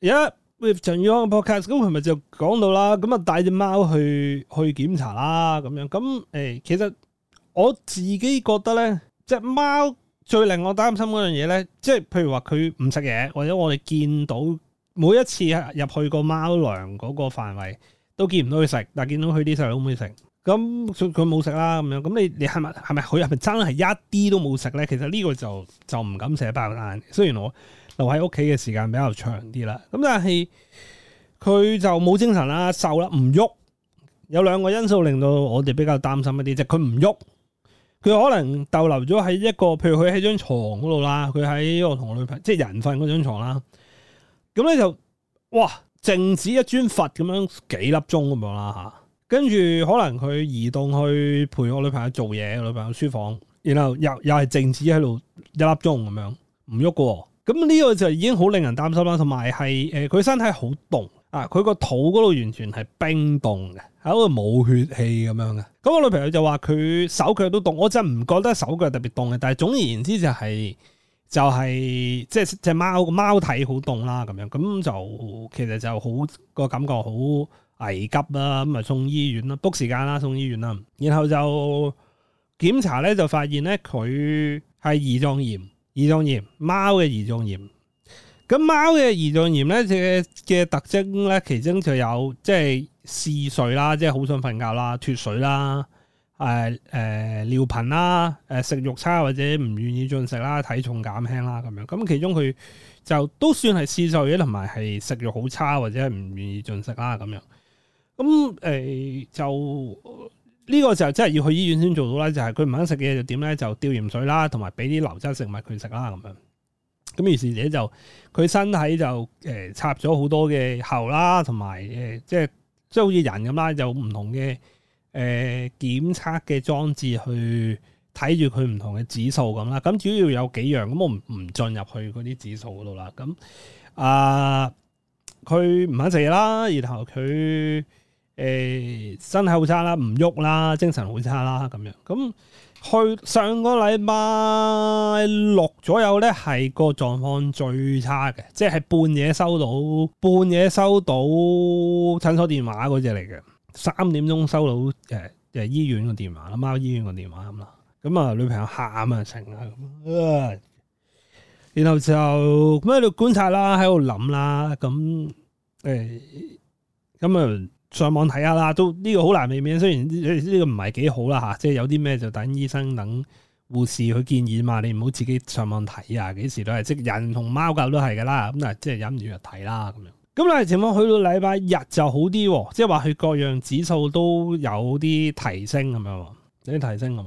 而家 w o t on the podcast，咁佢咪就講到啦，咁啊帶隻貓去去檢查啦，咁樣咁誒，其實我自己覺得咧，隻貓最令我擔心嗰樣嘢咧，即係譬如話佢唔食嘢，或者我哋見到每一次入去貓糧個貓糧嗰個範圍都見唔到佢食，但係見到佢啲細路妹食，咁佢冇食啦咁樣，咁你你係咪係咪佢係咪真係一啲都冇食咧？其實呢個就就唔敢寫包單，雖然我。留喺屋企嘅時間比較長啲啦，咁但係佢就冇精神啦，瘦啦，唔喐。有兩個因素令到我哋比較擔心一啲，就係佢唔喐，佢可能逗留咗喺一個，譬如佢喺張床嗰度啦，佢喺我同我女朋友即係人瞓嗰張床啦。咁咧就哇靜止一尊佛咁樣幾粒鐘咁樣啦吓，跟住可能佢移動去陪我女朋友做嘢，我女朋友書房，然後又又係靜止喺度一粒鐘咁樣唔喐噶不咁呢個就已經好令人擔心啦，同埋係誒，佢、呃、身體好凍啊，佢個肚嗰度完全係冰凍嘅，喺度冇血氣咁樣嘅。咁我女朋友就話佢手腳都凍，我真係唔覺得手腳特別凍嘅，但係總而言之就係、就係、就係即係隻貓個貓體好凍啦，咁樣咁就其實就好、個感覺好危急啦，咁啊送醫院啦，book 時間啦，送醫院啦，然後就檢查咧就發現咧佢係胰臟炎。胰臟炎，貓嘅胰臟炎。咁貓嘅胰臟炎咧，嘅嘅特徵咧，其中就有即係嗜睡啦，即係好想瞓覺啦，脱水啦，誒誒尿頻啦，誒食欲差或者唔願意進食啦，體重減輕啦咁樣。咁其中佢就都算係嗜睡，同埋係食欲好差或者唔願意進食啦咁樣。咁誒就。呢、這個就真係要去醫院先做到啦，就係佢唔肯食嘅嘢就點咧，就吊鹽水啦，同埋俾啲流質食物佢食啦咁樣。咁於是者就佢身體就誒插咗、就是、好多嘅喉啦，同埋誒即係即係好似人咁啦，有唔同嘅誒檢測嘅裝置去睇住佢唔同嘅指數咁啦。咁主要有幾樣，咁我唔唔進入去嗰啲指數嗰度啦。咁啊，佢、呃、唔肯食嘢啦，然後佢。誒，身體好差啦，唔喐啦，精神好差啦，咁樣咁去上個禮拜六左右咧，係個狀況最差嘅，即係半夜收到半夜收到診所電話嗰隻嚟嘅，三點鐘收到誒誒、欸、醫院嘅電話啦，貓醫院嘅電話咁啦，咁啊女朋友喊啊成啊咁然後就咩都觀察啦，喺度諗啦，咁咁啊～上網睇下啦，都呢、這個好難避免。雖然呢、這個唔係幾好啦吓，啊，即係有啲咩就等醫生、等護士去建議嘛。你唔好自己上網睇啊，幾時都係即人同貓狗都係噶啦。咁啊，即係忍唔住就睇啦咁樣。咁但係情況去到禮拜日就好啲，啊，即係話佢各樣指數都有啲提升咁樣，有啲提升咁。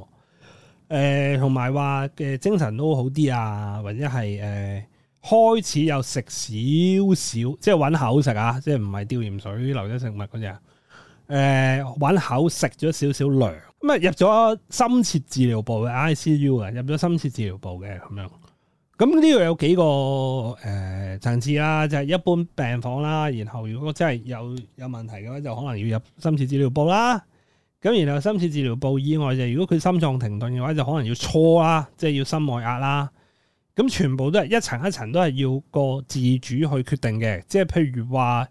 誒，同埋話嘅精神都好啲啊，或者係誒。呃開始又食少少，即係搵口食啊，即係唔係吊鹽水、留咗食物嗰隻。誒、呃，搵口食咗少少糧，咁啊入咗深切治療部嘅 ICU 啊，入咗深切治療部嘅咁樣。咁呢度有幾個誒層、呃、次啦，就係、是、一般病房啦，然後如果真係有有問題嘅話，就可能要入深切治療部啦。咁然後深切治療部以外就是，如果佢心臟停頓嘅話，就可能要搓啦，即、就、係、是、要心外壓啦。咁全部都係一層一層都係要個自主去決定嘅，即係譬如話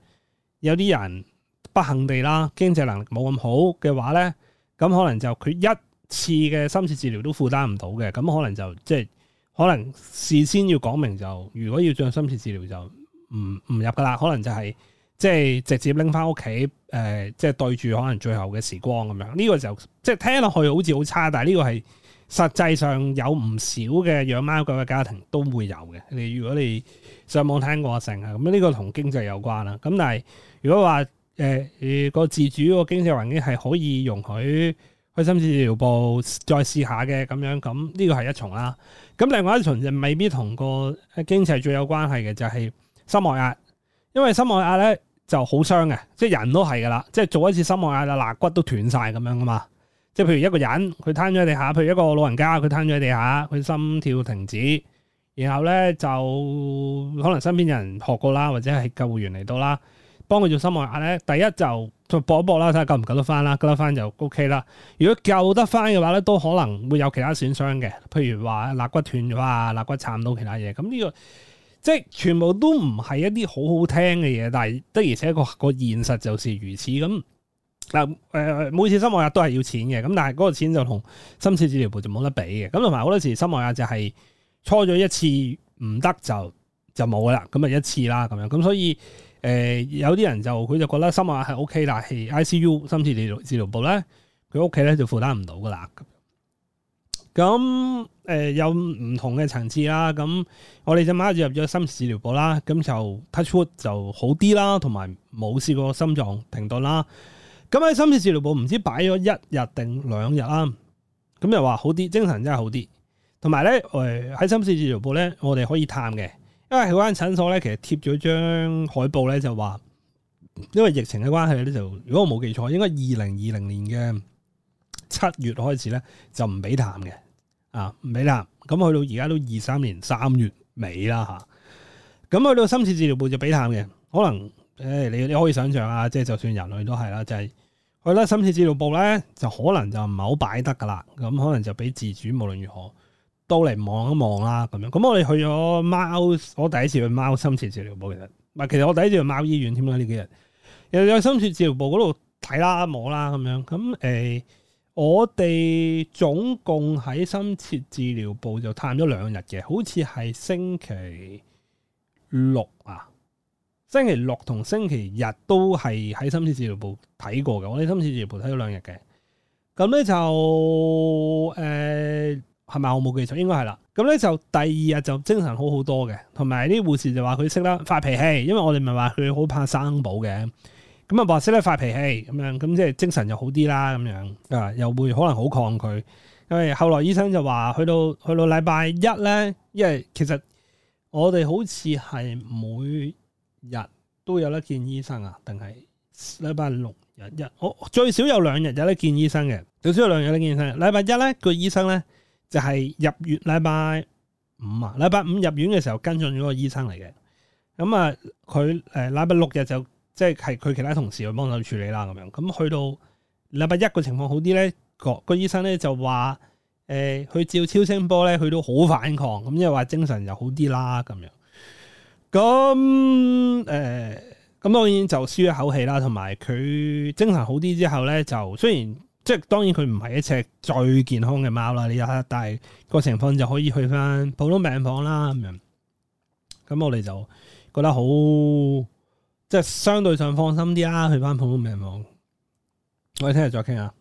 有啲人不幸地啦，經濟能力冇咁好嘅話咧，咁可能就佢一次嘅深切治療都負擔唔到嘅，咁可能就即係可能事先要講明就，如果要做深切治療就唔唔入噶啦，可能就係、係、即係直接拎翻屋企，誒，即係對住可能最後嘅時光咁樣，呢、呢個就即係聽落去好似好差，但係呢個係。實際上有唔少嘅養貓狗嘅家庭都會有嘅。你如果你上網聽過成啊，咁呢個同經濟有關啦。咁但係如果話誒個自主個經濟環境係可以容許開深切治療部再試下嘅咁樣，咁呢個係一重啦。咁另外一重就未必同個經濟最有關係嘅就係、是、心外壓，因為心外壓咧就好傷嘅，即係人都係噶啦，即係做一次心外壓就肋骨都斷晒咁樣噶嘛。即係譬如一個人佢癱咗喺地下，譬如一個老人家佢癱咗喺地下，佢心跳停止，然後咧就可能身邊有人學過啦，或者係救護員嚟到啦，幫佢做心外壓咧。第一就搏一搏啦，睇下救唔救得翻啦，救得翻就 OK 啦。如果救得翻嘅話咧，都可能會有其他損傷嘅，譬如話肋骨斷咗啊，肋骨撐唔到其他嘢。咁、嗯、呢、呢個即係全部都唔係一啲好好聽嘅嘢，但係的而且個個現實就是如此咁。嗱，誒每次心外壓都係要錢嘅，咁但係嗰個錢就同深切治療部就冇得比嘅，咁同埋好多時心外壓就係初咗一次唔得就就冇啦，咁啊一次啦咁樣，咁所以誒、呃、有啲人就佢就覺得心外壓係 O K 啦，係 I C U 深切治療治療部咧、OK，佢屋企咧就負擔唔到噶啦，咁誒、呃、有唔同嘅層次啦，咁我哋就隻貓入咗深切治療部啦，咁就 Touch Wood 就好啲啦，同埋冇試過心臟停頓啦。咁喺深切治療部唔知擺咗一日定兩日啊，咁又話好啲，精神真係好啲。同埋咧，誒喺深切治療部咧，我哋可以探嘅，因為佢間診所咧其實貼咗張海報咧就話，因為疫情嘅關係咧就，如果我冇記錯，應該二零二零年嘅七月開始咧就唔俾探嘅啊唔俾探。咁去到而家都二三年三月尾啦吓，咁去到深切治療部就俾探嘅，可能誒你你可以想象啊，即係就算人類都係啦，就係。去啦！深切治療部咧就可能就唔係好擺得噶啦，咁可能就俾自主，無論如何到嚟望一望啦，咁樣。咁我哋去咗貓，我第一次去貓深切治療部，其實唔係，其實我第一次去貓醫院添啦呢幾日。又去深切治療部嗰度睇啦、摸啦咁樣。咁誒、欸，我哋總共喺深切治療部就探咗兩日嘅，好似係星期六啊。星期六同星期日都係喺深切治療部睇過嘅，我哋深切治療部睇咗兩日嘅，咁咧就誒，係咪我冇記錯應該係啦，咁咧就第二日就精神好好多嘅，同埋啲護士就話佢識得發脾氣，因為我哋咪係話佢好怕生保嘅，咁啊，識得發脾氣咁樣，咁即係精神又好啲啦咁樣，啊又會可能好抗拒，因為後來醫生就話去到去到禮拜一咧，因為其實我哋好似係每日都有得見醫生啊？定係禮拜六日日？我、哦、最少有兩日有得見醫生嘅，最少有兩日有得見醫生嘅。禮拜一咧，個醫生咧就係入院禮拜五啊，禮拜五入院嘅時候跟進咗個醫生嚟嘅。咁啊，佢誒禮拜六日就即係係佢其他同事去幫手處理啦，咁樣。咁去到禮拜一嘅情況好啲咧，個個醫生咧就話誒，去照超聲波咧，去到好反抗，咁因為話精神又好啲啦，咁樣。咁誒、嗯，咁當然就舒一口氣啦，同埋佢精神好啲之後咧，就雖然即係當然佢唔係一隻最健康嘅貓啦，你睇，但係個情況就可以去翻普通病房啦咁樣。咁我哋就覺得好，即係相對上放心啲啦，去翻普通病房。我哋聽日再傾啊！